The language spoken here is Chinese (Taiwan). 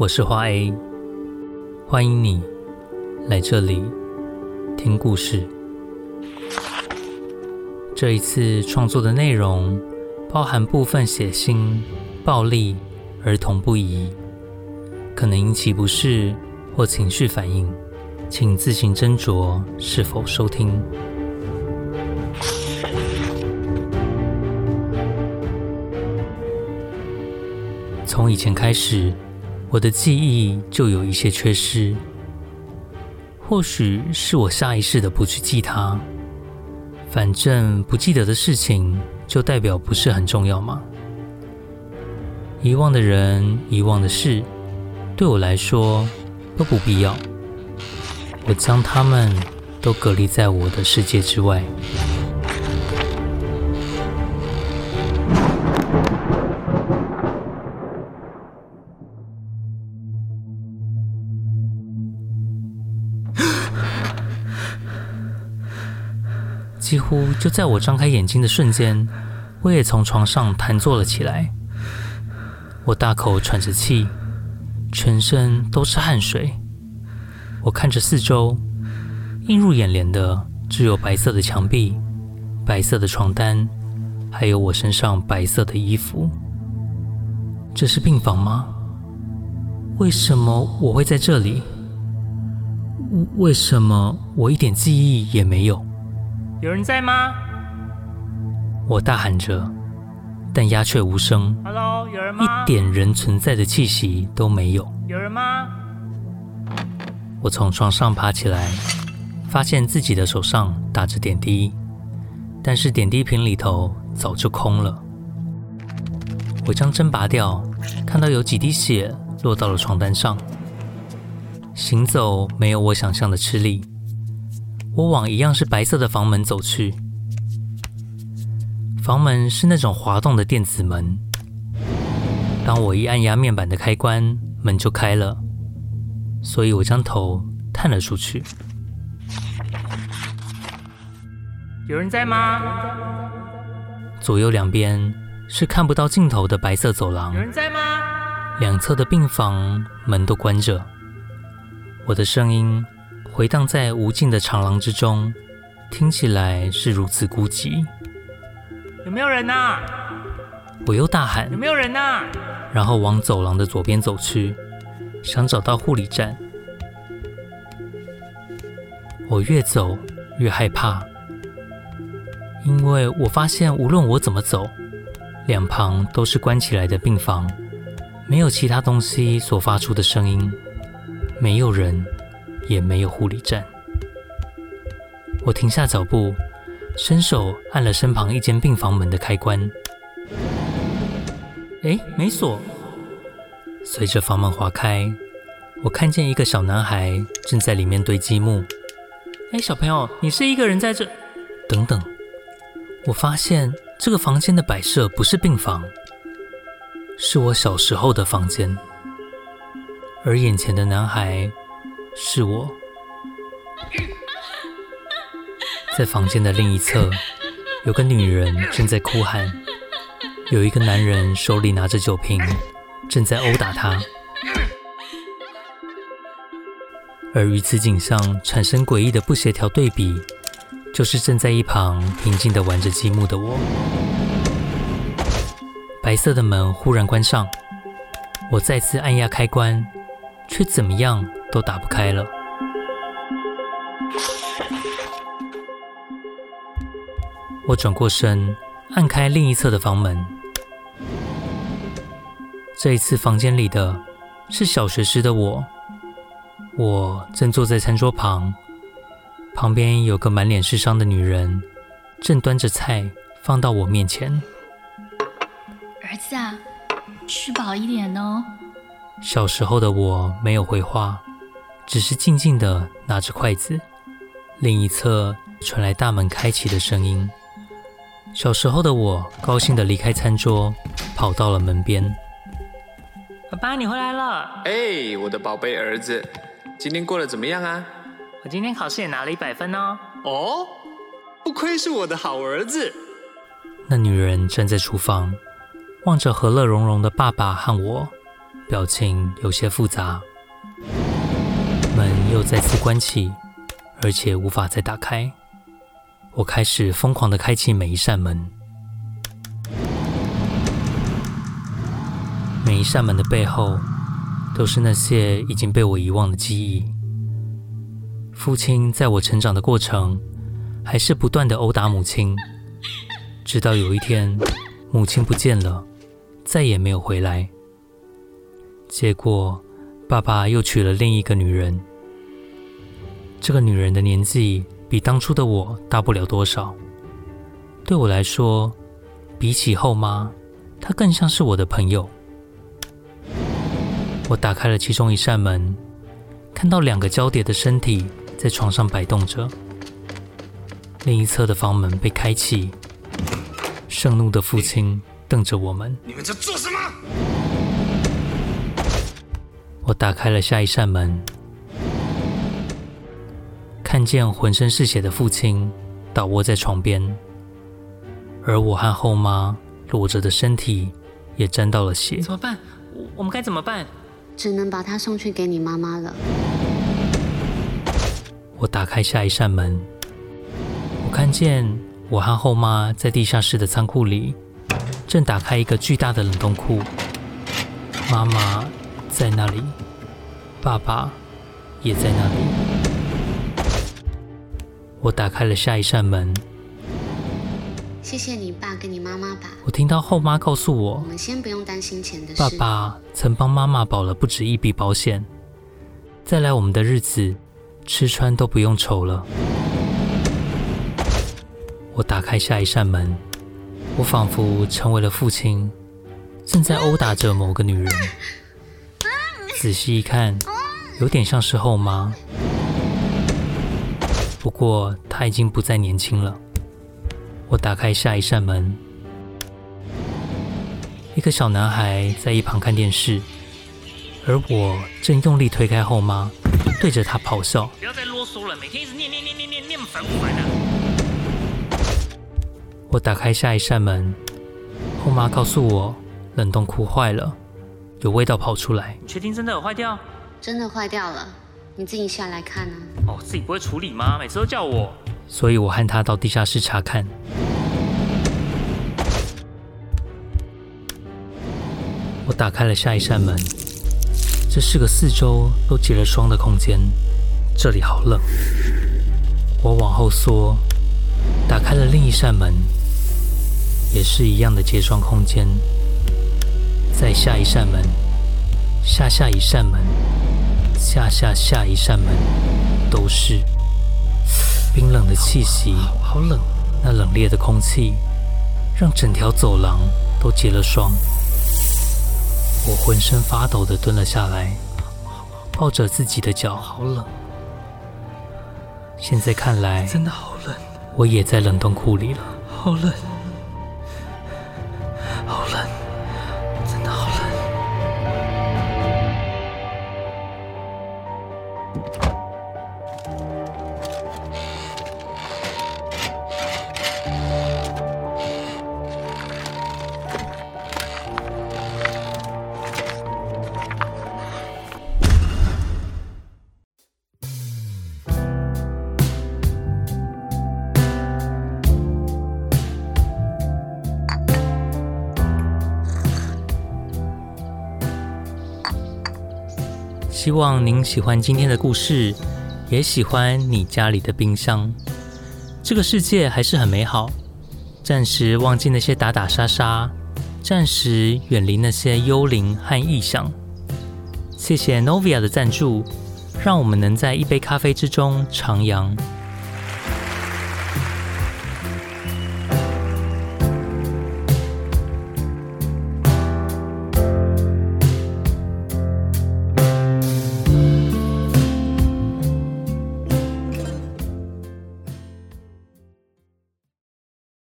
我是花 A，歡迎你來這裡聽故事。這一次創作的內容包含部分血腥、暴力、兒童不宜，可能引起不適或情緒反應，請自行斟酌是否收聽。從以前開始。我的記憶就有一些缺失，或許是我下意識的不去記它。反正不記得的事情，就代表不是很重要嘛。遺忘的人，遺忘的事，對我來說都不必要。我將他們都隔離在我的世界之外。就在我張開眼睛的瞬間，我也從床上彈坐了起來。我大口喘着氣，全身都是汗水。我看着四周，映入眼簾的只有白色的牆壁、白色的床單，還有我身上白色的衣服。這是病房嗎？為什麼我會在這裡？為什麼我一點記憶也沒有？有人在嗎？我大喊着，但鴉雀無聲。Hello，有人嗎？一點人存在的氣息都沒有。有人嗎？我從床上爬起來，發現自己的手上打着點滴，但是點滴瓶裡頭早就空了。我將針拔掉，看到有幾滴血落到了床單上。行走沒有我想象的吃力。我往一樣是白色的房門走去，房門是那種滑動的電子門。當我一按壓面板的開關，門就開了，所以我將頭探了出去。有人在嗎？左右兩邊是看不到盡頭的白色走廊。有人在嗎？兩側的病房門都關着，我的聲音。回盪在無盡的長廊之中，聽起來是如此孤寂。有沒有人啊？我又大喊，有沒有人啊？然後往走廊的左邊走去，想找到護理站。我越走越害怕，因為我發現無論我怎麼走，兩旁都是關起來的病房，沒有其他東西所發出的聲音，沒有人，也沒有護理站。我停下腳步，伸手按了身旁一間病房門的開關。欸，沒鎖。隨着房門滑開，我看見一個小男孩正在裡面堆積木。欸，小朋友，你是一個人在這？等等，我發現這個房間的擺設不是病房，是我小時候的房間，而眼前的男孩。是我。在房間的另一側，有個女人正在哭喊，有一個男人手裡拿着酒瓶，正在毆打她。而與此景象產生詭異的不協調對比，就是正在一旁平靜的玩着積木的我。白色的門忽然關上，我再次按壓開關，卻怎麼樣都打不開了。我轉過身，按開另一側的房門。這一次房間裡的，是小學時的我。我正坐在餐桌旁，旁邊有個滿臉是傷的女人，正端着菜放到我面前。兒子啊，吃飽一點哦。小時候的我沒有回話。只是靜靜地拿着筷子，另一側傳來大門開啟的聲音。小時候的我高興地離開餐桌，跑到了門邊。爸爸，你回來了！哎，我的寶貝兒子，今天過得怎麼樣啊？我今天考試也拿了一百分哦。哦，不愧是我的好兒子。那女人站在廚房，望着和樂融融的爸爸和我，表情有些複雜。門又再次關起，而且無法再打開。我開始瘋狂地開啟每一扇門，每一扇門的背後都是那些已經被我遺忘的記憶。父親在我成長的過程還是不斷地毆打母親，直到有一天母親不見了，再也沒有回來。結果爸爸又娶了另一個女人。這個女人的年紀比當初的我大不了多少，對我來說，比起後媽，她更像是我的朋友。我打開了其中一扇門，看到兩個交疊的身體在床上擺動着。另一側的房門被開啟，盛怒的父親瞪着我們：“你們在做什麼？”我打開了下一扇門。看見渾身是血的父親倒臥在床邊，而我和後媽裸着的身體也沾到了血。怎麼辦？我，我們該怎麼辦？只能把他送去給你媽媽了。我打開下一扇門，我看見我和後媽在地下室的倉庫裡，正打開一個巨大的冷凍庫。媽媽在那裡，爸爸也在那裡。我打開了下一扇門。謝謝你爸跟你媽媽吧。我聽到後媽告訴我，爸爸曾幫媽媽保了不止一筆保險，再來我們的日子，吃穿都不用愁了。我打開下一扇門，我仿佛成為了父親，正在毆打着某個女人。仔細一看，有點像是後媽。不過他已經不再年輕了。我打開下一扇門，一個小男孩在一旁看電視，而我正用力推開後媽，對着他咆哮：“不要再囉嗦了，每天一直念念念念念煩不煩？”我打開下一扇門，後媽告訴我，冷凍庫壞了，有味道跑出來。你確定真的有壞掉？真的壞掉了。你自己下來看啊！哦，自己不會處理嗎？每次都叫我。所以我和他到地下室查看。我打開了下一扇門，這是個四周都結了霜的空間，這裡好冷。我往後縮，打開了另一扇門，也是一樣的結霜空間。再下一扇門，下下一扇門。下下下一扇門，都是冰冷的氣息，好冷。好冷，那冷冽的空氣讓整條走廊都結了霜。我渾身發抖的蹲了下來，抱着自己的腳，好冷。現在看來，真的好冷。我也在冷凍庫裡了，好冷。希望您喜歡今天的故事，也喜歡你家裡的冰箱。這個世界還是很美好，暫時忘記那些打打殺殺，暫時遠離那些幽靈和異象。謝謝 Novia 的贊助，讓我們能在一杯咖啡之中徜徉。